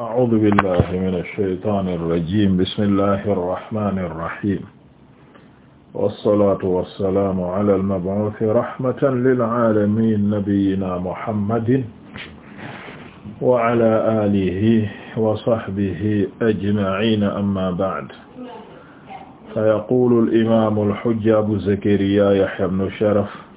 أعوذ بالله من الشيطان الرجيم بسم الله الرحمن الرحيم والصلاة والسلام على المبعوث رحمة للعالمين نبينا محمد وعلى آله وصحبه أجمعين أما بعد فيقول الإمام الحجة أبو زكريا يحيى بن شرف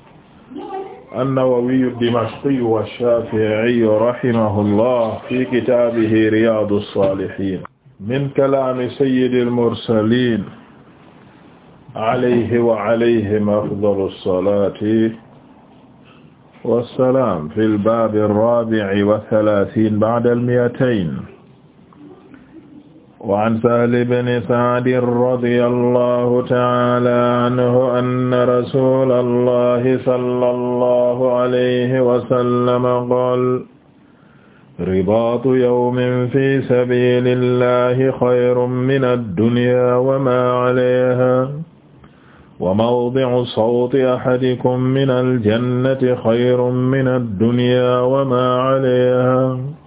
an-Nawawi ad-Dimashqi wa Shafi'i rahimahullah fi kitaabihi Riyadu s-Salihin min kalaami sayyidil mursalin alayhi wa alayhim afdalu s-salati wa s-salam fil baabi r-raabi'i wa thalaatiin ba'da l-mi'atayn wa an Sahl ibn Sa'd radiyallahu ta'ala anhu anna rasulallahi sallallahu alayhi wa sallam qaala ribaatu yawmin fi sabiilillahi xayrun mina ad-dunyaa wa maa alayhaa wa mawdi'u sawti ahadikum mina al-jannati xayrun mina ad-dunyaa wa maa alayhaa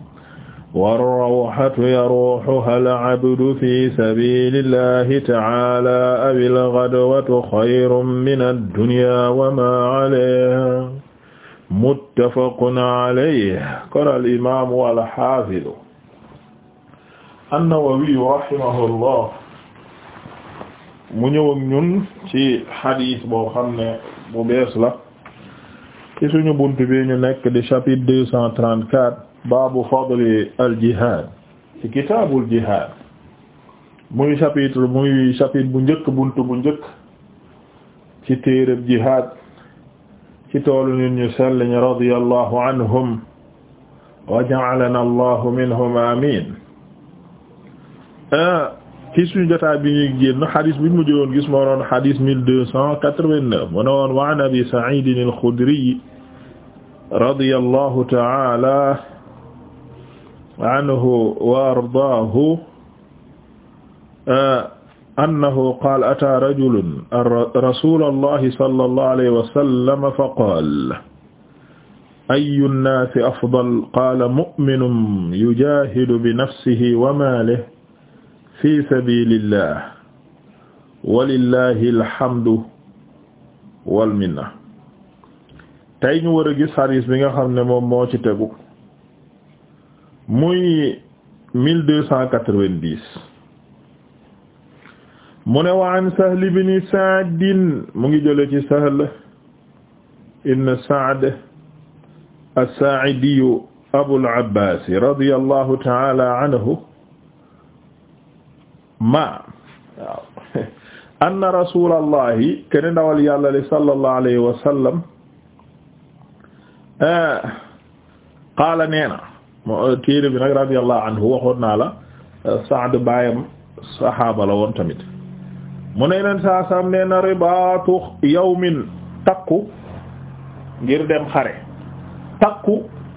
warrawxatu yaruxuha alabdu fi sabilillahi taala aw algadwatu xayrun min addunya wa ma alayha muttafaqun alayhi qaala alimaamu alxafidu annawawiyu rahimahullah mu ñëw ak ñun ci xadiis boo xam ne bu bees la ci suñu bunt bi ñu nekk di chapitre 234 baabu fadli al jihad ci kitaabul jihad muy chapitre muy chapitre bu njëkk buntu bu njëkk ci téereb jihad ci toolu nit ñu sell ñi radiyallahu anhum wa ja'alana allahu minhum amin ah, ci suñu jotaay bi ñuy génn xadis bi ñu mujj woon gis moo doon xadis mille deux cent quatre-vingt-neuf mu ne woon wa an abi sa'id al-khudri radiyallahu ta'ala anhu wa ardaahu eh, annahu qaala ataa rajulun rasuulallahi sallallahu alayhi wa sallam faqaala ayyu nnaasi afdal qaala mu'minun yujaahidu binafsihi wa maalihi fi sabiilillah walillahi alhamdu wal minna. tey ñu war a gis hadiis bi nga xam ne moom moo ci tegu. muy mille deux cent quatre-vingt-dix mu ne wa an Sahl ibn Sa'd mu ngi jële ci Sahl ibn Sa'd as-Sa'idi Abul Abbas radiyallahu ta'ala anhu ma waaw anna rasulallahi ken ndawal yàlla li sallallahu alayhi wa sallam eh, qaala neena mo bi nag radiyallahu anhu waxoon naa la euh, Saad baayam saxaaba la woon tamit mu ne leen saa saam nee na ribaatu yawmin takku ngir dem xare takku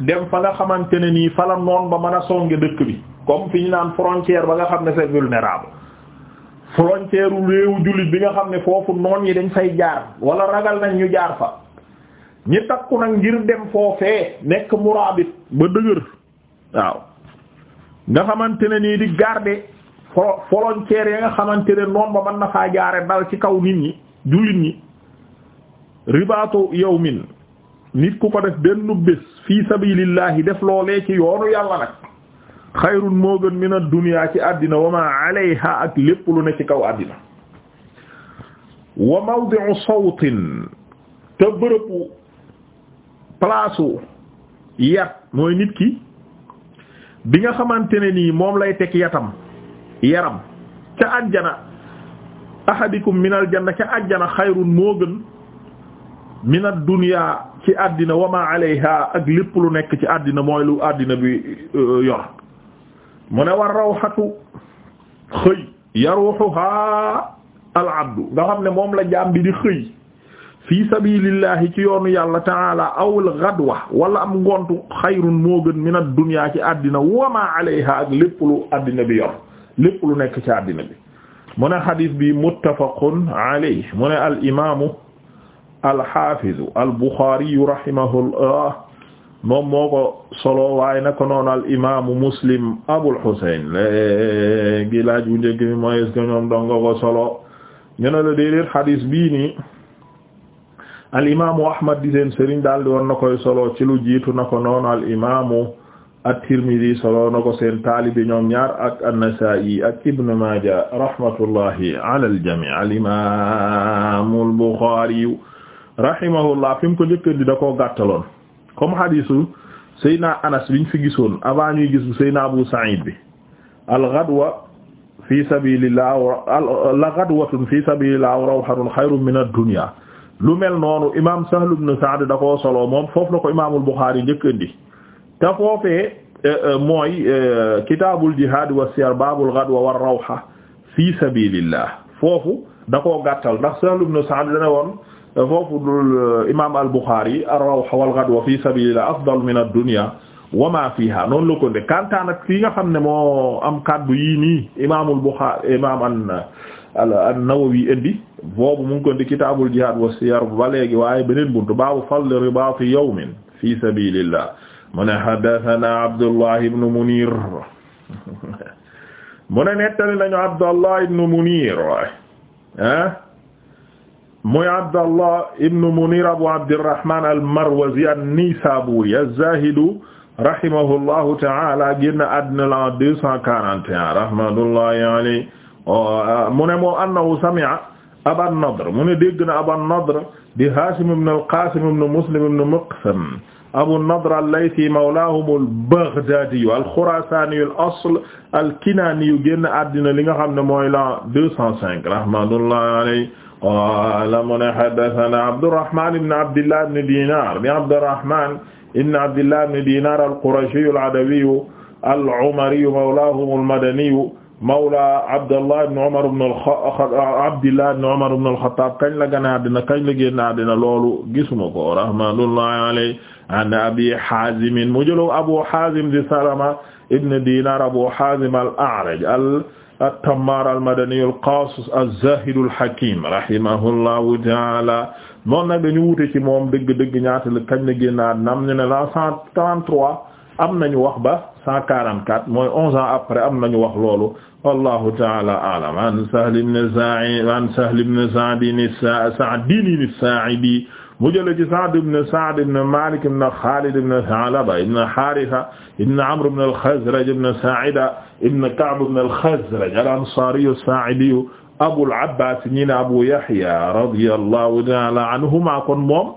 dem fa nga xamante ne nii fa la noon ba mën a songe dëkk bi comme fi ñu naan frontière ba nga xam ne c'est vulnérable frontière u réewu jullit bi nga xam ne foofu noon yi dañ fay jaar wala ragal nañ ñu jaar fa ñi takku nag ngir dem foofee nekk muraabit ba dëgër waaw nga xamante ne nii di garder fo frontière ya nga xamante ne noon ba mën na jaare dal ci kaw nit ñi jullit ñi ribaatu yawmin nit ku ko def benn bés fii sabilillahi def loolee ci yoonu yàlla nag xayrun moo gën min ad-dunya ci àddina wa ma alayha ak lépp lu ne ci kaw àddina wa mawdi'u sawtin te bërëbu palaasu yat mooy nit ki bi nga xamante ne nii moom lay teg yatam yaram ca àjjana ahadikum minal janna ca àjjana xayrun moo gën minad dunya ci àddina wa ma alayha ak lépp lu nekk ci àddina mooy lu àddina bi euh, yor mu ne war rawxatu xëy yaruxuha al abdu nga xam ne moom la jaam bi di xëy fi sabilillahi ci yoonu yàlla ta'ala awul gadwa wala am ngontu xayrun moo gën min ad-dunya ci àddina wama alayha ak lépp lu àddina bi yor lépp lu nekk ci àddina bi mu ne xadis bi muttafaqun alayhi mu ne al imaamu al xaafizu al buxaari rahimahullah moom ko solo waaye naka muslim abul xusayn léegi ko solo ñu ne la déedéet xadis bii nii. al imaamu Ahmad di seen sëriñ daal di woon na koy solo ci lu jiitu na ko noonu al imaamu at-Tirmidhi solo na ko seen taalibi ñoom ñaar ak an-Nasaa'i ak Ibn Maaja rahmatullahi ala al-jamii' al imaamu al-Bukhaari rahimahullah fi mu ko njëkk di da koo gàttaloon comme hadiisu Seydina Anas biñ fi gisoon avant ñuy gis Seydina Abu Sa'iid bi al-ghadwa fi sabiilillah la ghadwatun fi sabiilillah rawhatun xayrun mina ad-dunya lu mel noonu imaam Sahl ibn Sa'd da koo solo moom foofu la ko imaamul Buxaari njëkk indi te foofee eh, eh, mooy eh, kitaabul jihaad wa siyar baabul ghadwa war rawha fi sabilillah foofu da koo gàttal ndax Sahl ibn Sa'd dana woon foofu dul imaam al Buxaari ar-rawha wal ghadwa fi sabilillah afdal min ad-dunya wa ma fiha noonu la ko nde kantaan fii nga xam ne moo am kaddu yii nii imaamul Buxaari imaam an an-Nawawi indi boobu mu ngi ko indi kitaabul jihaad wa siyar ba léegi waaye beneen buntu baabu fadli ribaati yawmin fi sabilillah mu ne haddathana Abdullah ibn Munir mu ne nettali nañu Abdullah ibn Munir ah muy Abdullah ibn Munir Abu Abdirrahman al-Marwazi an-Nisaburi az-Zahidu rahimahullahu ta'ala génn àddina la 241 rahmatullahi alayhi mu ne moom annahu sami'a Aba Nadr mu ne dégg na Aba Nadr di Hashim ibn al-Qasim ibn Muslim ibn Muqsam Abu Nadr al-Laythi mawlaahum al-Baghdadi al-Khurasani al-asl al-Kinani génn àddina li nga xam ne mooy la 205 rahmatullahi alayhi qaala mu ne haddathana Abdurrahman ibn Abdillah ibn Dinar bi Abdurrahman ibn Abdillah ibn Dinar al-Qurashi al-Adawi al-Umari mawlaahum al-Madani mawla Abdallah ibn Umar ibn Abdillah ibn Umar ibn al-Khattab kañ la gane àddina kañ la génn àddina loolu gisuma ko rahmatullahi alayhi an Abi Hazim mu jëloon Abu Hazim di Salama ibn Dinar Abu Hazim al-A'raj at-Tammar al-Madani al-Qasis az-Zahid al-Hakim rahimahullahu ta'ala noonu nag dañu wute ci moom dëgg-dëgg ñaata la kañ la génn àddina am ñu ne la 133 am nañu wax ba. cent quarante-quatre mooy onze ans après am nañu wax loolu wallahu ta'ala a'lam an Sahl ibn Sa'id an Sahl ibn Sa'd as-Sa'dini as-Sa'idi mu jële ci Sa'd ibn Sa'd ibn Malik ibn Khalid ibn Tha'laba ibn Haritha ibn Amr ibn al-Khazraj ibn Sa'ida ibn Ka'b ibn al-Khazraj al-Ansari as-Sa'idi Abul Abbas ñi ne Abu Yahya radiyallahu ta'ala anhuma kon moom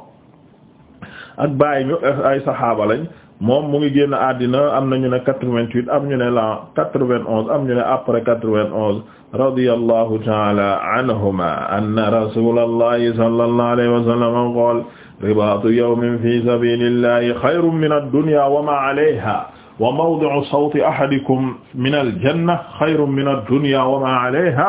ak baay mi ay saxaaba lañ moom mu ngi génn àddina am nañu ne quatre-vingt-huit am ñu ne la quatre-vingt-onze am ñu ne après quatre-vingt-onze radiyallahu ta'ala anhuma anna rasulallahi sallallahu alayhi wa sallam qala ribaatu yawmin fi sabilillahi khayrun min ad-dunya wa ma 'alayha wa mawdi'u sawti ahadikum min al-janna khayrun min ad-dunya wa ma 'alayha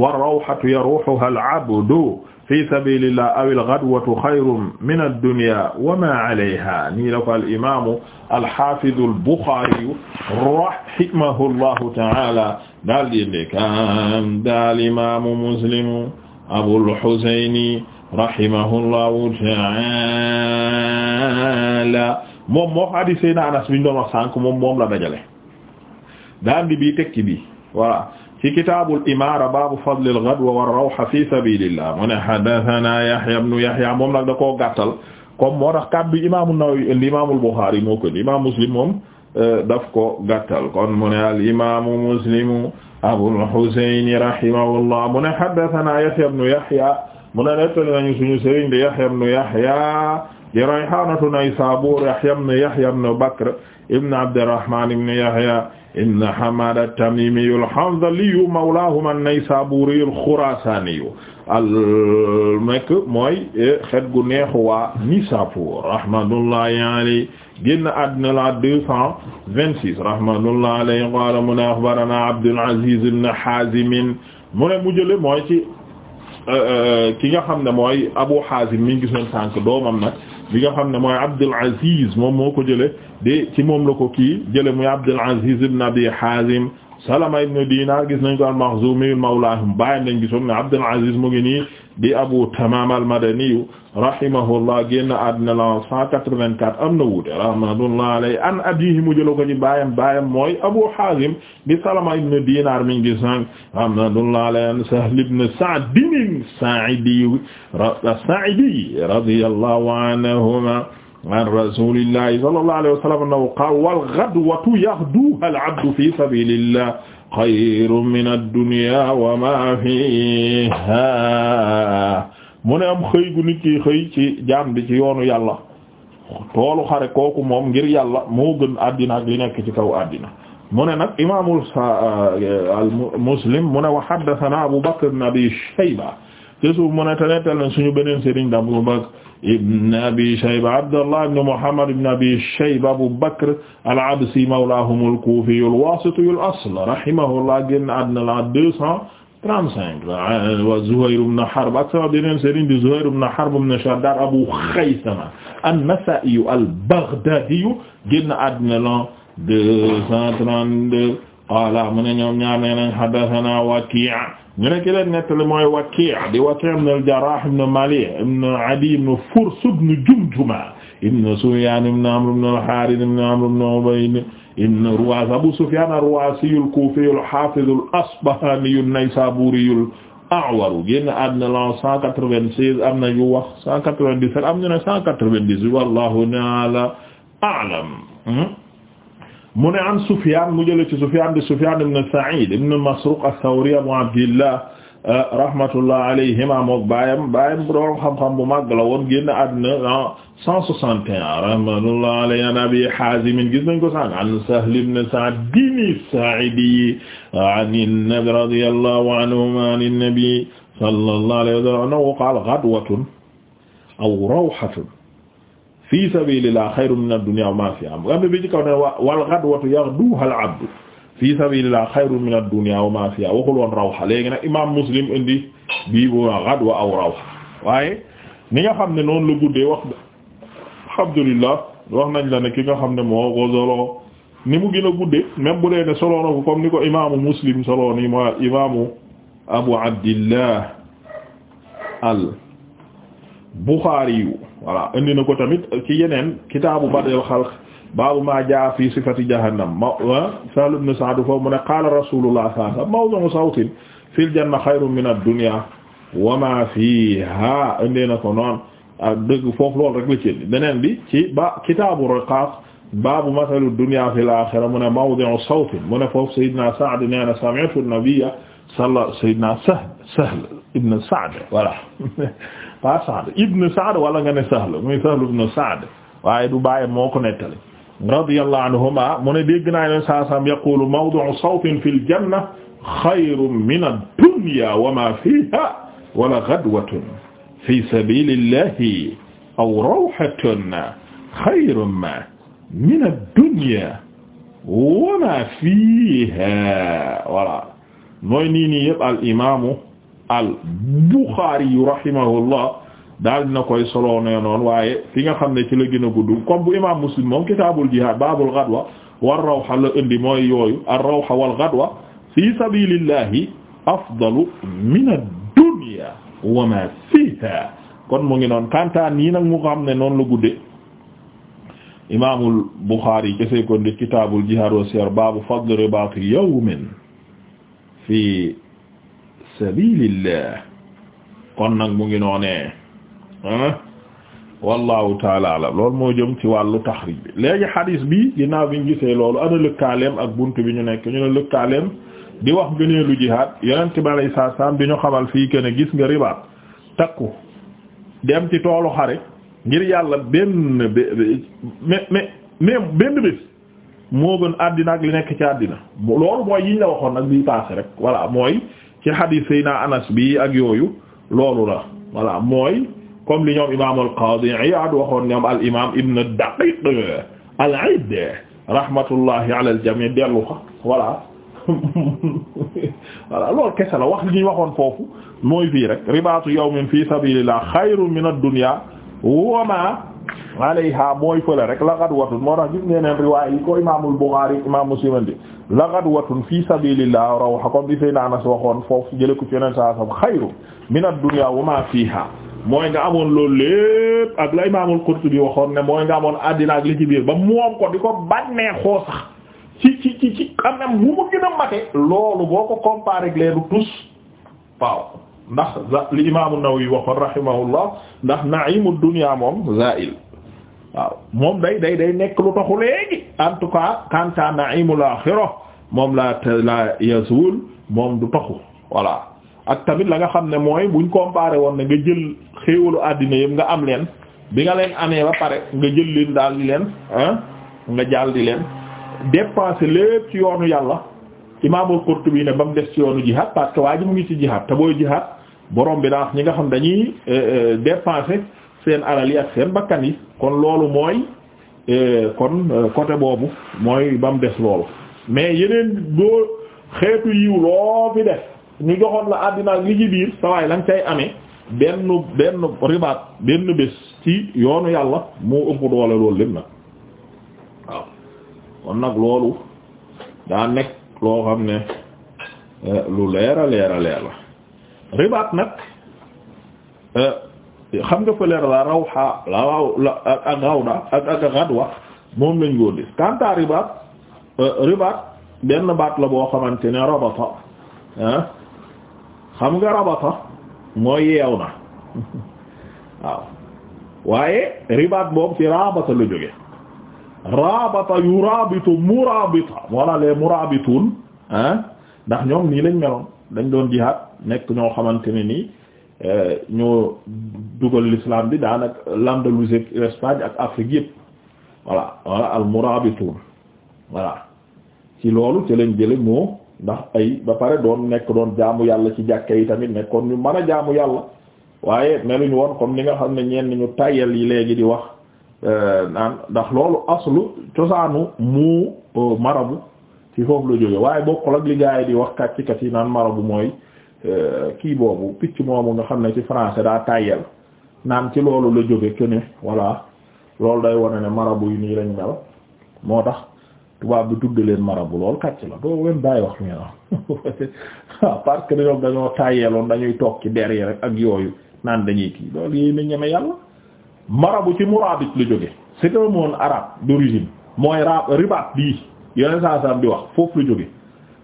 war-rawhatu yaruhuha al-'abdu fi sabilillah awil ghadwatu xayrun min ad-dunya wa ma alayha nii la ko al imaamu al-hafizu al-Bukhari rahimahullahu ta'ala daal di ndekam daal imaamu Muslim Abul Husayni rahimahullahu ta'ala moom moo hadiis Seydina Anas bi ñu doon wax sànq moom moom la dajale daal di bii tekki bi voilà ci kitaabul imaara baabu fadlil gadwa war rawha fi sabilillah mu ne haddasanaa Yahya ibnu Yahya moom nag da koo gàttal comme moo tax kàddu imaamu Nawawi indi imaamul Buxaari moo ko indi imaam Muslim moom euh, daf ko gàttal kon mu ne al imaamu Muslim Abul Husayn rahimahullah mu ne haddasanaa Yahya ibnu Yahya mu ne nettali nañu suñu sëriñ de Yahya ibnu Yahya di Rayhaanatu Naysaabuur Yahya ibn Yahya ibn Bakr ibn Abdirrahmaan ibn Yahya ibn Hammaad at-Tamiimiyu al-Hanzaliyu mawlaahum an-Naysaabuuriyu al-Khuraasaaniyu al-mekk mooy e, xeet gu neexu waa Naysaabuur rahmatullahi alayhi génn àddina la deux cent vingt-six rahmatullahi alayhi qaala mu ne axbaranaa Abdul Aziz ibn Haazim mu ne mu jële mooy ci e, e, ki nga xam ne mooy Abu Haazim mi ngi gisoon sànk doomam nag bi nga xam ne mooy Abdul Aziz moom moo ko jële de ci moom la ko kii jële muy Abdul Aziz ibn Abi Hazim Salama ibn Dinar gis nañ ko al-Makhzumi mawlaahum bàyyam lañ gisoon ne Abdul Aziz mu ngi nii di Abu Tamam al-Madani rahimahullah génn àddina la 184 am na wuute rahmatullah alayhi an abiihi mu jëloo ko ci bàyyam bàyyam mooy Abu Hazim di Salama ibn Dinar mi ngi gis nag rahmatullah alayhi an Sahl ibn Sa'd as-Sa'idi radiyallahu anhuma an rasulillahi sallallahu alayhi wa sallam annahu qaala wal ghadwatu yahduha al abdu fi sabilillah xayrun min ad-dunya wa ma fiha mu ne am xëy gu nit ki xëy ci jaam bi ci yoonu yàlla toolu xare kooku moom ngir yàlla moo gën àddina ak li nekk ci kaw àddina mu ne nag imaamul euh, muslim mu ne wa haddathana Abu Bakr ibn Abi Shayba ci suuf mu ne te nettal leen suñu beneen sëriñ da Abu Bakr ibn Abi Shayba Abdallah ibn Muhammad ibn Abi Shayba Abu Bakr al-Absi mawlahum al-Kufi al-Wasiti al-asl rahimahullah génn àddina la 235 ah, wa Zuhayr ibn Harb ak sama beneen sëriñ di Zuhayr ibn Harb ibn Shaddad Abu Khaythama an-Nasa'i al-Baghdadi génn àddina la 232 qaala mu ne ñoom ñaar nee nañ haddathana Waki' ñu ne ki leen nettali mooy Waki' di Waki' ibn al-Jarrah ibn Mali' ibn Adi ibn Furs ibn Jumjuma ibn Sufyan ibn Amr ibn al-Harith ibn Amr ibn Ubayd ibn Ruwaas Abu Sufyan ar-Ruwaasi al-Kufi al-Hafiz al-Asbahani an-Naysaburi al-A'war génn àddina la 196 am na yu wax 197 am ñu ne 198 wallahu ta'ala a'lam hmm? mu ne an Sufyaan mu jële ci Sufyaan di Sufyaan ibn Sa'iid ibn Masruuq as-Sawri Abu Abdillah eh, rahmatullah alayhima mook baayam baayam doon xam-xam bu màgg la woon génn àdduna 161 rahmatullah alayhi an Abi Haazim gis nañ ko sànq an Sahl ibn Sa'd as-Saa'idi an radiyallahu anhumaa an an-nabi sallallahu alayhi wa sallam qaala ghadwatun aw rawhatun fi sabilillah xayrun min ad-dunya wa ma fiha nga bi ci kaw ne wal ghadwatu yaghduha al-abdu fi sabilillah xayrun min ad-dunya wa ma fiha waxul woon rawxa léegi nag imam muslim indi bii bu ghadwa aw rawxa waaye ni nga xam ne noonu la guddee wax alhamdulillah wax nañ la ne ki nga xam ne moo ko solo ni mu gën a guddee même bu dee ne solo na ko comme ni ko imaamu muslim solo ni mooy imaamu abu abdillah al buxaari yu voilà indi na ko tamit ci yeneen kitaabu badil xalq baabu maa jaa fi sifati jahannam ma ah, Sahl ibn Sa'd foofu mu ne qaala rasulullah sallallahu alayhi wasallam mawdi'u sawtin fil janna xayrun min ad-dunya wa ma fiha indi na ko noonu ak dëgg foofu loolu rek la ci beneen bi ci ba kitaabu riqaaq baabu mathalu dunya fil aaxira mu ne mawdi'u sawtin mu ne foofu Sayyidina Sa'd nee na sami'tu an-nabiyya salla Sayyidina Sahl Sahl ibn Sa'd voilà pas Sa'd ibn Sa'd wala nga ne Sahl muy Sahl ibn Sa'd waaye du bàyyi moo ko nettali radiyallahu anhuma mu ne dégg naa ne saa saam yaqulu mawdu'u sawtin fil janna xayrun min ad-dunya wa ma fiha wala ghadwatun fi sabilillahi aw rawhatun xayrun min ad-dunya wa ma fiha voilà mooy nii nii yëpp al imaamu al Buxaari yu rahimahullah daal dina koy soloo nee noonu waaye fi nga xam ne ci la gën a gudd comme bu imam Muslim moom kitaabul jihaad baabul gadwa war rawxa la indi mooy yooyu ar rawxa wal gadwa fi sabilillahi afdalu min ad wa ma fiha kon mu ngi noon kantaan yi nag mu xam ne noonu la gudde imaamul Buxaari kese ko ndi kitaabul jihaad wa siyar baabu fadli ribaati yawmin fii sabilillah kon nag mu ngi noonee ah wallahu taala alam lool moo jëm ci wàllu taxrij bi léegi xadiis bi ginnaaw bi ñu gisee loolu ana lëkkaaleem ak bunt bi ñu nekk ñu ne lëkkaaleem di wax gëneelu jihaad yonent bi alayhi salaatu salaam di ñu xamal fii que ne gis nga ribaat takku dem ci toolu xare ngir yàlla benn mais mais mais benn bés moo gën àddina ak li nekk ci àddina loolu mooy yi ñu la waxoon nag bii paase rek voilà mooy ci hadith sayna anas bi ak yooyu loolu la voilà mooy comme li ñoom imam al qadi Iyad waxoon ñoom al imam ibn daqiq al aid rahmatullahi ala al jami dellu fa voilà voilà loolu kese la wax li ñu waxoon foofu mooy fii rek ribaatu yawmin fi sabilillah xayrun min ad-dunya wa ma alayha mooy fële rek la ghadwatun moo tax gis ngeeneen riwaay yi ko imaamul Bukhari imaam Muslim andi la ghadwatun fi sabilillah rawha comme di Seydina Anas waxoon foofu jële ko ci yeneen saa sam xayru min ad-dunya wa ma fiha mooy nga amoon loolu lépp ak la imaamul Qurtubi waxoon ne mooy nga amoon àddina ak li ci biir ba moom ko di ko bannee xoo sax ci ci ci ci am na mu mu gën a mate loolu boo ko comparé ak du tus waaw ndax li imaamu Nawawi waxoon rahimahullah ndax na'imu dunya moom za'il waaw moom day day day nekk lu taxu léegi en tout cas kanta na'imul axira moom la la yazul moom du taxu voilà ak tamit la nga xam ne mooy buñ comparé woon ne nga jël xéewalu àddina yëpp nga am leen bi nga leen amee ba pare nga jël leen daal di leen ah nga jàll di leen dépenser lépp ci yoonu yàlla imaamul Qurtubi ne ba mu des ci yoonu jihad parce que waa ji mu ngi ci jihad te booy borom bi daax ñi nga xam dañuy euh, euh, dépenser seen alal yi ak seen bakkan yi kon loolu mooy euh, kon côté boobu mooy ba mu des loolu mais yeneen boo xeetu yiw loo fi def ñu joxoon la àddina ak li ci biir sawaay la nga cay amee benn benn ribaat benn bés ci yoonu yàlla moo ëpp doole loolu lépp nag waaw kon nag loolu daa nekk loo xam ne lu leer a leera a la ribaat nag euh, xam nga fële la rawxa la raw la ak rawda ak ak moom lañ ko gis kanta ribaat euh, ribaat benn baat la boo xamante ne rabata xam nga rabata mooy yeew na waaw waaye ribaat boobu ci rabata la jóge rabata yurabitu murabita wala les murabitun ah ndax ñoom nii lañ meloon dañ doon jihaad nekk ñoo xamante ne nii eh, ñoo dugal l'islam bi daanaka l'Andalousie l'Espagne ak Afrique yëpp voilà voilà al-murabitun ci loolu ci lañ jële moo ndax ay ba pare doon nekk doon jaamu yàlla ci jàkke yi tamit nekkoon ñu mën a jaamu yàlla waaye meluñu woon comme ni nga xam ne ñenn ñu tayal yi léegi di wax eh, naan ndax loolu aslu cosaanu mu eh, marabu ci foofu la jóge waaye bokkul ak li yi di wax kàccikat yi naan marabu mooy Euh, kii boobu picc moomu nga xam ne ci français daa tàyyel naan ci loolu la jóge que ne voilà loolu day wane ne marabu yi nii lañ mel moo tax tubaab bi tudde leen marabu loolu kàcc la doo wen bàyyi wax ñu waaw parce que dañoo dañoo dañuy toog ci der yi rek ak yooyu naan dañuy kii loolu yi ni ñeme yàlla marabu ci muraabit la jóge c'est un mot arabe d'origine mooy raab ribaat bii yeneen saa saa di wax foofu la jóge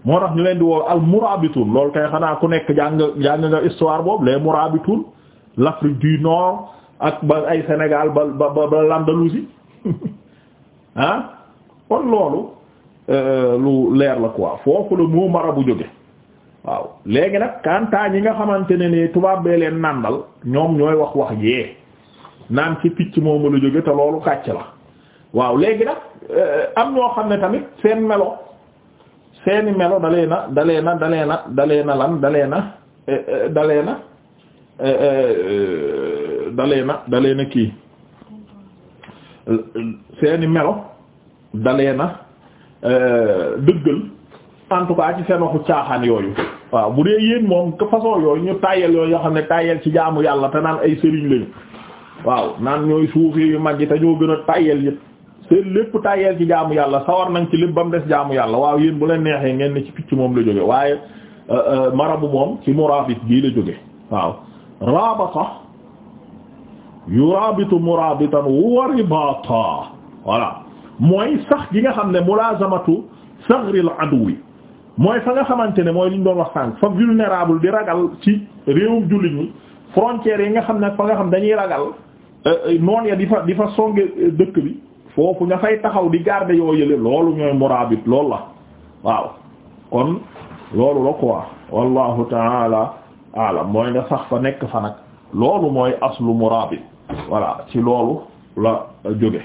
moo tax ñu leen di woo al murabitun loolu kay xanaa ku nekk jàng jàng nga histoire boobu les murabitun l'Afrique du Nord ak ba ay Sénégal ba ba ba l'Andalousie ah kon loolu euh, lu leer la quoi foofu la moo mara bu jóge waaw léegi nag kantaa ñi nga xamante ne ni tubaab bee leen nàndal ñoom ñooy wax wax yee naan ci picc moomu la jóge te loolu kàcc la waaw léegi nag euh, am ñoo xam ne tamit seen melo seeni melo dalee na dalee na dalee na dalee na lan dalee na dalee na dalee na dalee na kii seeni melo dalee na eh, dëggal en tout cas ci seen waxu caaxaan yooyu waaw bu dee yéen moom que façon yooyu ñu tayel yooyu yoo xam ne tayel ci jaamu yàlla te naan ay sëriñ lañu waaw naan ñooy suufi yu mag yi te ñoo gën a tayel yëpp seen lépp tàyyeel ci jaamu yàlla sawar nañ ci lépp ba mu des jaamu yàlla waaw yéen bu leen neexee ngeen ne ci picc moom la jóge waaye euh, euh, bu moom ci murabit bii la jóge waaw rabata yurabitu murabitan wa ribata voilà mooy sax gi nga xam ne la saghril aduwi mooy fa nga xamante ne mooy li doon wax sànq fa vulnérable di ragal ci réewum jullit ñi frontières yi nga xam ne fa nga xam dañuy ragal euh, noon ya di fa di fa songe dëkk bi foofu ña fay taxaw di garder yoo yële loolu ñooy muraabit loolu la waaw kon loolu la quoi wallahu taala alam mooy nga sax fa nekk fa nag loolu mooy aslu muraabit voilà ci loolu la jóge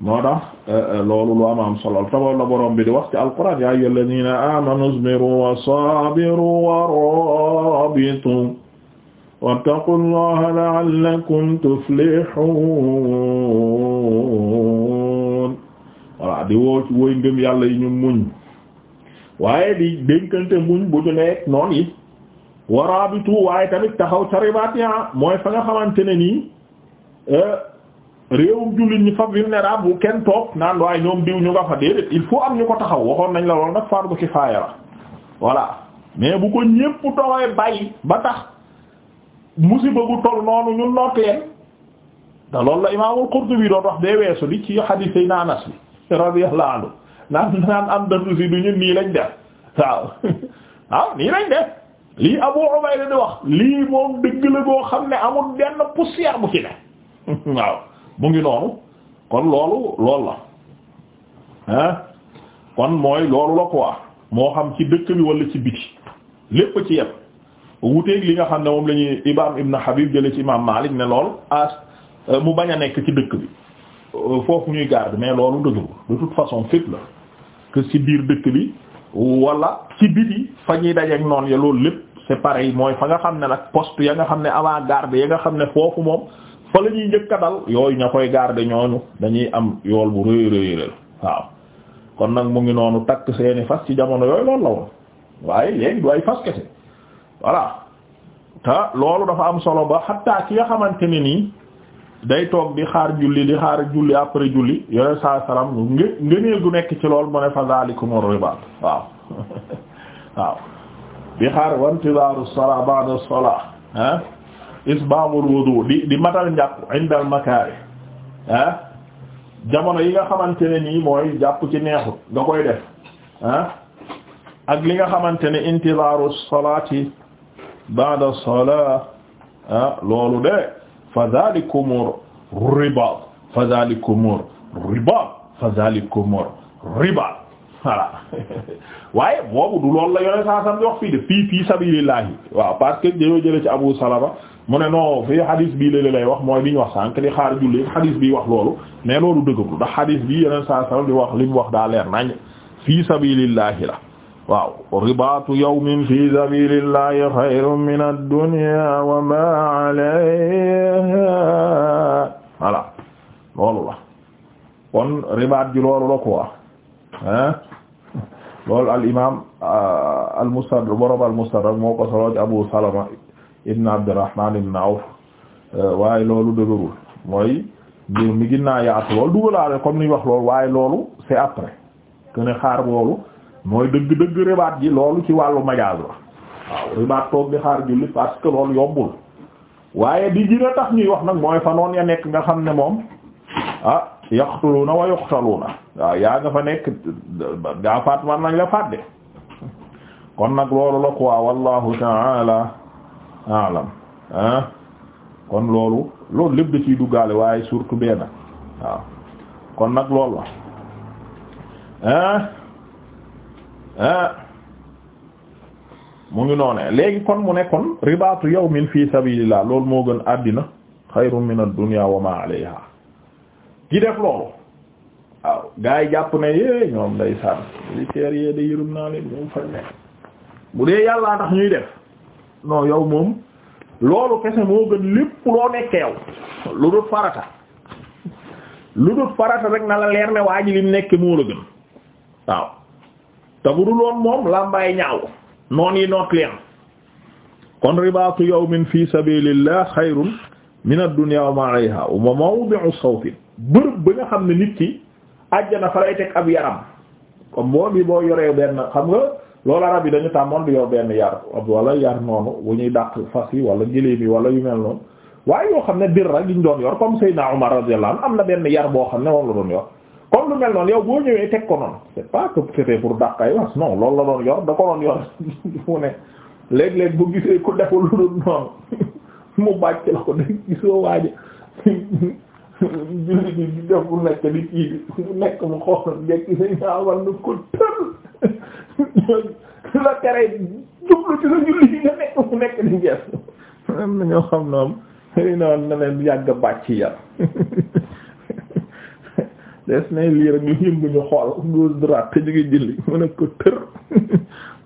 moo tax euh, loolu lu am am solo tabaw la borom bi di wax ci alquran ya ayyuhal ladina amanu isbiru wa sabiru wa rabitu wattaqullaha la'allakum tuflihun voilà di woo ci woy ngëm yàlla yi ñu muñ waaye di dénkante muñ bu ñu nekk noonu yi waraabitu waaye tamit taxaw ca ribaat ya ah, mooy fa nga xamante ne nii eh, réewum jullit ñi fa vulnérable bu kenn toog naan waaye ñoom diw ñu nga fa déedéet il faut am ñu ko taxaw waxoon nañ la lool nag fardu kifaaya la voilà mais bu ko ñépp doxee bàyyi ba tax musiba gu toll noonu ñu noot leen te loolu la imaamul Qurtubi doon wax bee weesu di ci xadiis yi naanas bi radiyallahu anhu naan naan Andalusi du ñun nii lañ def waaw waaw ah, nii lañ def lii Abu Ubayda di wax lii moom dëgg la boo xam ne amul benn poussière bu ci ne waaw mu ngi noonu kon loolu loolu la ah kon mooy loolu la quoi moo xam ci dëkk bi wala ci biti lépp ci yem wuteeg li nga xam ne moom lañuy ñuy Imaam Ibn Habib jële ci Imaam Maalik ne lool as euh, mu bañ a nekk ci dëkk bi Euh, foofu ñuy garde mais loolu dëgg de toute façon fépp la que ci biir dëkk bi wala ci biti fa ñuy dajeeg noonu ya loolu lépp c'est pareil mooy fa nga xam ne nag poste ya nga xam ne avant garde ya nga xam ne foofu moom fa la ñuy njëkk dal yooyu ña koy garde ñooñu dañuy am yool bu rëy rëy rëy waaw kon nag mu ngi noonu takk seeni fas ci jamono yooyu loolu la woon waaye léegi du ay fas kese te loolu dafa am solo ba xatta ki nga xamante ne nii day toog di xaar julli di xaar julli après julli yore saa salaam ngë ngëneel gu nekk ci lool mu ne fa zalikum ribaat waaw waaw di xaar wantizaaru salaa ba'da salaa ah isbaghul wudu di di matal njàpp indal ah. jamono yi nga xamante ne nii mooy jàpp ci neexut nga koy def ah ak li nga xamante ne intizaaru salaati ba'da salaa ah loolu de fa zalikum riba fa zalikum riba fa zalikum riba voilà waaye boobu du loolu la yore saa sam di wax fii de fii fii sabilillahi waaw parce que dañoo jële ci Abu Salama mu ne non fii hadis bii la lay wax mooy li ñu wax sànq di xaar julli hadis bi wax loolu mais loolu dëggul ndax hadis bi yeneen saa sam di wax li mu wax daa leer nañ fii la waaw ribaatu yawmin fi sabilillahi xayrun min ad-dunya wa kon ribaat ji loolu la quoi hein al imam euh, al mustadrak borom al mustadrak ci Abu Salama ibn Abdurrahman ibn Awf euh, waaye loolu dëgërul mooy mbir mi ginnaa lool loolu dugalaale comme ni wax loolu waay loolu c'est après que ne xaar loolu mooy dëgg dëgg ribaat ji loolu ci wàllu majaas la waaw ribaat toog di xaar julli parce que loolu yombul waaye di gën a tax ñuy wax nag mooy fa noon ya nekk nga xam ne moom ah yaqtuluna wa yuqtaluna waaw yaa nga fa nekk gaa faat war la faat de kon nag loolu la quoi wallahu ta'ala a'lam ah kon loolu loolu lépp da ciy duggaale waaye surtout benn waaw kon nag lool la ah Ah. mu ngi noonee léegi kon mu ne kon ribaatu yawmin fi sabilillah loolu moo gën àddina xayrun min ad-dunya wa ma alayha ki def loolu waaw gaa yi jàpp ne yée ñoom day sànn militaires yee da yërëm naa leen ñoom fañ ne bu dee yàlla tax ñuy def non yow moom loolu kese moo gën lépp loo nekke yow lu dul farata lu dul farata rek na la leer ne waa ji lim nekk moo la gën waaw te bu dul woon moom làmbaay ñaaw noon yi noot leen kon ribaatu yawmin fi sabilillah xayrun min ad-dunya wa ma alayha wa mawdi'u sawtin bërëb ba nga xam ne nit ki àjjana fa lay teg ab yaram comme boo bi boo yoree benn xam nga loolu arab yi dañu tàmmoon di yow benn yar ab wala yar noonu bu ñuy dàq fas yi wala gëléem yi wala yu mel noonu waaye yoo xam ne bir rek ñu doon yor comme Seydina Umar radiyallahu anhu am na benn yar boo xam ne moom la doon yor comme lu mel noonu yow boo ñëwee teg ko noonu c'est pas que c'était pour dàq ay la doon yor da ko doon yor mu ne léeg-léeg gisee ku deful lu dul noonu mu bàcc la ko dégg gisoo waaje julli bi di def nekk di kii bi nekk mu xool njekki sa ñaawal nu ko tël la tere jublu ci sa julli yi nga nekk mu nekk di ngees am na ñoo xam noonu xëy na na leen yàgg des nay lii rek ñu yënguñu xool gauche droite te ñu ngi julli mën a ko tër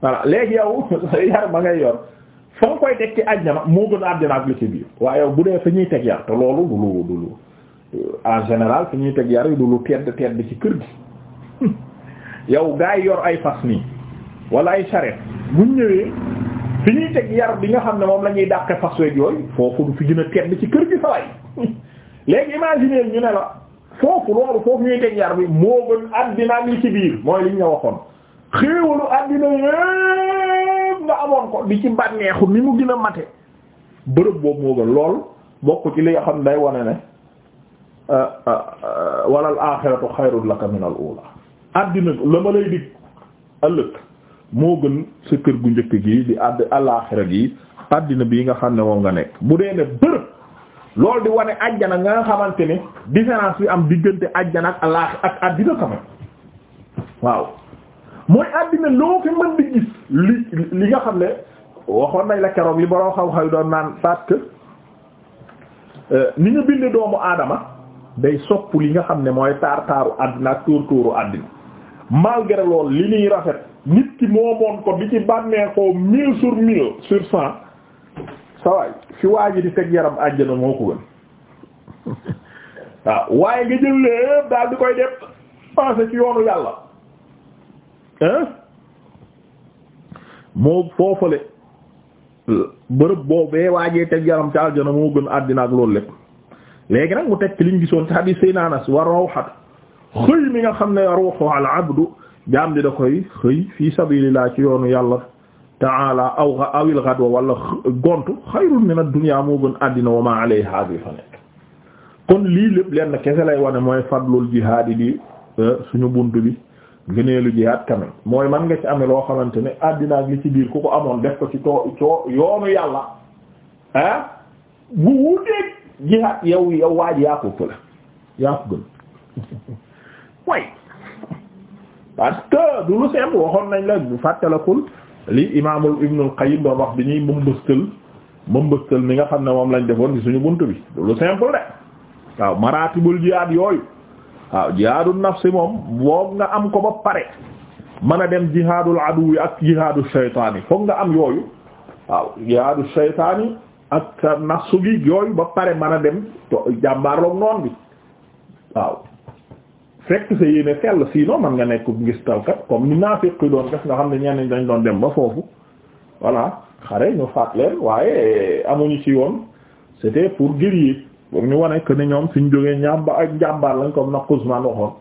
voilà léegi yow yar ba ngay yor foo nga koy teg ci àjjana moo gën a ak li ci biir waaye yow bu dee fa ñuy teg yar te loolu du lu du lu euh, en général fa ñuy teg yar yi du lu tedd tedd ci kër gi yow gaa yi yor ay fas nii wala ay charrette buñ ñëwee fi ñuy teg yar bi nga xam ne moom la ñuy dàqe fas weeg yooyu foofu du fi gën a tedd ci kër gi saway léegi imaginer ñu ne la foofu loolu foofu ñuy teg yar bi moo gën àddina li ci biir mooy liñ nga waxoon xéewalu àddina yépp nga amoon ko di ci bànneexu ni mu gën a mate bërëb boobu moo gën lool bokk ci li nga xam day wane ne euh, euh, wala al axiratu xayrun ula àddina la ma lay dig ëllëg moo gën sa kër gu njëkk gi di àdd al axira gi àddina bii nga xam ne moom nga nekk bu dee ne bërëb loolu di wane ajjana nga nga xamante ne différence bi am diggante ajjana ak allah ak àddina sama waaw mooy àddina loo fi di gis li li nga xam ne waxoon nañ la keroog li borom xaw-xaw doon naan parce que euh, ni nga bind doomu aadama day sopp li nga xam ne mooy taar taaru àddina ak tuur tuuru àddina malgré loolu li ñuy rafet nit ki moomoon ko di ci bànnee ko mille sur mille sur cent sawaay fi waa ji di teg yaram àjjana moo ko gën waaw waaye nga jël lépp daal di koy def passé ci yoonu yàlla hein moo foofale bërëb boobee waajee teg yaram ca àjjana moo gën àddina ak loolu lépp léegi nag mu teg ci liñ gisoon ci hadith sayna Anas wa rawhat xëy mi nga xam ne ruuhu al abdu jaam di da koy xëy fii sabilillah ci yoonu yàlla ta'ala aw awil ghadwa wala gontu xayrun min ad-dunya moo gën àddina wa ma alayha bi fa nekk kon lii lépp lenn kese lay wane mooy fadlul jihaad yi di euh, suñu bunt bi gëneelu jihaad quand mooy man nga ci amee loo xamante ne àddina ak li ci biir ku ko amoon def ko ci too yoonu yàlla ah bu wuteeg jihaad yow yow waaj yaa ko pëla yaa ko gën way parce que du lu seet waxoon nañ la fàttalakul li imaamul Ibnul Qayyim doon wax bi ñuy mi nga xam ne moom lañ defoon ci suñu bunt bi lu simple de waaw maratibul jihaad yooyu waaw jihaadul nafsi moom boobu nga am ko ba pare mën a dem jihaadul aduwi ak jihaadul shaytaani fokk nga am yooyu waaw jihaadul shaytaani ak nafsu gi yooyu ba pare mën a dem jàmbaarloog noon bi waaw fekk sa yéene sell sinon man nga nekk ngis talkat comme ni naafiq yi doon def nga xam ne ñenn dañ doon dem ba foofu voilà xare ñu faat leen waaye amuñu ci yoon c'était pour guerrier pour ñu wane que ne ñoom ñu jógee ñamba ak njàmbaar lañ comme na Quzman waxoon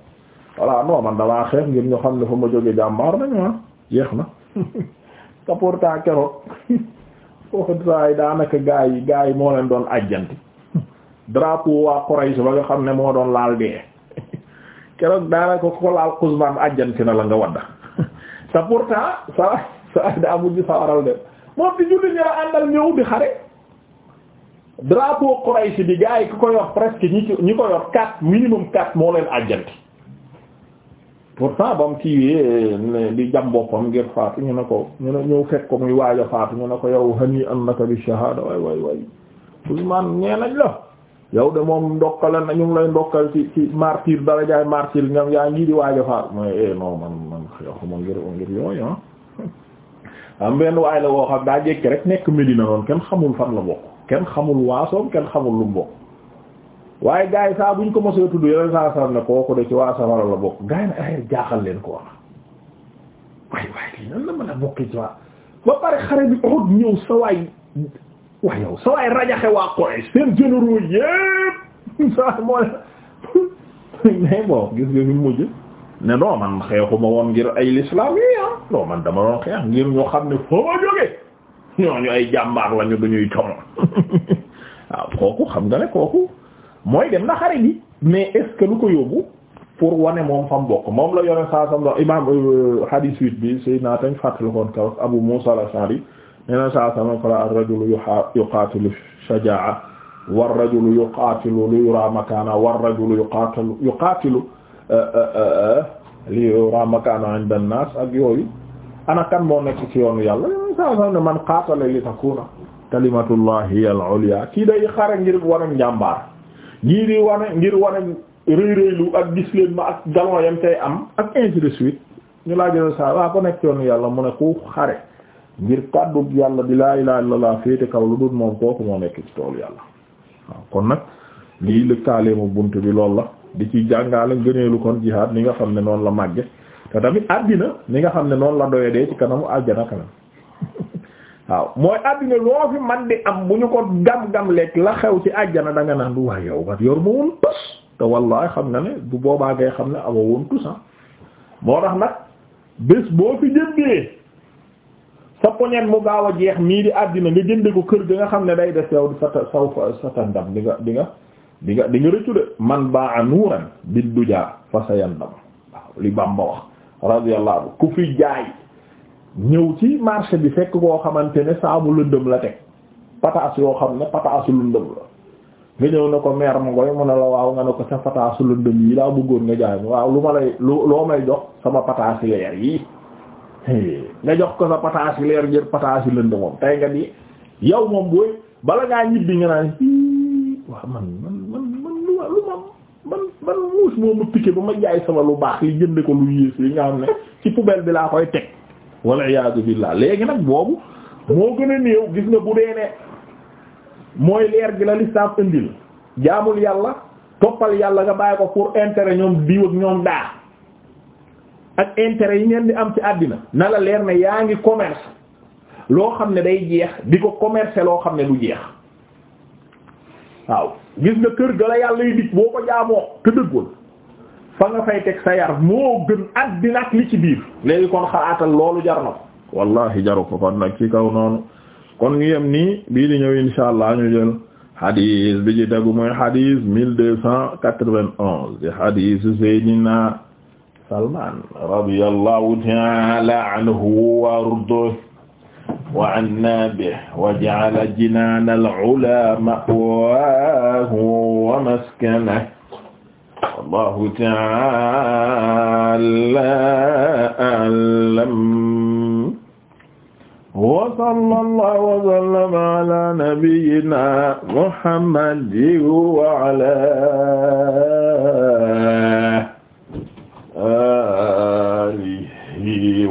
voilà non man damaa xeex ngir ñu xam ne fa ma jógee jàmbaar nañu ah jeex na te pourtant keroog foofu daay daanaka gaa yi gaa yi moo leen doon ajjanti drapeau waa Quraysh ba nga xam ne moo doon laal dee. keroog daanaka ko laal Ousmane àjjanti na la nga wadda te pourtant sa sa daa mujj sawaral dem moom di julli ñu la àndal ñëw di xare drapeau Quraysh bi gaa ki ko yor presque ñi ko yor quatre minimum quatre moo leen àjjanti pourtant ba mu kiiwee di jam boppam ngir faatu ñu ne ko ñu ne ñëw fekk ko muy waaja faatu ñu ne ko yow hani annaka bi shahada waay waay waay Ousmane ñeenañ la yow de moom ndokkale na ñu ngi lay ndokkal ci ci martyr darajaay martyr ñoom yaa ngi di waaja faat mooy eh non man man ngir yooyu ah. am benn waay la woo xam daa jékki rek nekk Medina noonu kenn xamul fan la bokk kenn xamul waasoom kenn xamul lu mu bokk waaye gars yi saa buñ ko mosee tudd yeneen saa saa ne kooku de ci waa safara la bokk gars yi nag ay eh, jaaxal leen ko wax ba pare xare bi Uhud ñëw sa waay waa yow soo waay rajaxe waa Quraysh seen généraux yépp sa waay mooy mais bon gis nga fi mujj ne non man xeexuma woon ngir ay l'islam yi ah non man dama doon xeex ngir ñoo xam ne foo ma jógee ñooñu ay jàmbaar lañu du ñuy waaw kooku xam nga ne kooku mooy dem na xare gi mais est ko yóbbu pour wane moom fam bokk moom la yore saa sam imam euh, hadith 8 bi say naa tañ fàttali koon kaw Abu Musa al-Ash'ari a saa sama ko la ar-rajulu yuqaatilu shajaa'a war-rajulu yuqaatilu li yuraa makaana war-rajulu yuqaatilu yuqaatilu eh, eh, eh, li yuraa makaana 'inda an-naas ak nekk ci yoonu yàlla man qaatala li takuuna kalimatullahi hiya al-'ulyaa kii day xare ngir wane njàmbaar ñii wane ngir wane ak gis ma ak galon yam tey am ak ainsi de suite ñu laa jël saa waa ko yàlla mu ne ku ngir kàddu yàlla bi laa ilaha illallah féete kaw lu dul moom kooku moo nekk ci toolu yàlla waaw kon nag lii lëkkaaleemu bunt bi lool la di ci jàngale ngëneelu kon jihaad ni nga xam ne noonu la màgge te tamit àddina ni nga xam ne noonu la doyadee ci kanamu àjjana kanam waaw mooy àddina loo fi man di am bu ñu ko gam-gam lekk la xew ci àjjana danga naan du waay yow kat yor ma woon tus te wallaay xam na ne bu boobaa ngay xam ne ama woon tus ah. moo tax nag sa poñet mu gaaw a jeex mii di àddina nga jënde ko kër ga nga xam ne day def yow sa saw sa tandam di nga di nga di nga di nga rëccu de man baa nuuran bid duja fa sa yandam waaw li Bamba wax radiyallahu ku fi jaay ñëw ci marché bi fekk koo xamante ne saabu lëndëm la teg pataas yoo xam ne pataasu lëndëm la nga ñëw na ko meer mu ngoy mu ne la waaw nga ne ko sa pataasu lëndëm yi laa bëggoon nga jaay waaw lu ma lay loo may jox sama pataas yi nga jox ko sa pataas yi leer ngir pataas yi lënd moom tey nga di yow moom booy bala ngaa ñibbi nga naan waaw man man man man ma man man muus moo ma piqué ba ma jaay sama lu baax li jënd ko lu yées yi nga xam ne ci poubelle bi laa koy teg walla iyaadu billaah léegi nag boobu moo gën a néew gis nga bu dee ne mooy leer gi la listaaf indil jaamul yàlla toppal yàlla nga bàyyi ko pour intérêt ñoom diw ak ñoom daa ak intérêt yi ngeen di am ci àddina na la leer na yaa ngi commerce loo xam ne day jeex di ko commercer loo xam ne du jeex waaw gis nga kër ga la yàlla yi dig boo ko jaamoo te dëggul fa nga fay teg sa yar moo gën àddina ak li ci biir léegi kon xalaatal loolu jar na ko wallahi jaru ko kon nag ci kaw noonu kon ñu yem nii bii di ñëw insha allah ñu jël xadiis bi ci tegu mooy xadiis mille deux cent quatre-vingt-onze di xadiis Seydina Salman radiyallahu ta'ala anhu wa ardahu wa anna bihi wa ja'ala jinaana al-'ulaa ma'waahu wa maskanahu wallahu ta'ala a'lam wa sallallahu wa sallama ala nabiyyina Muhammadin wa ala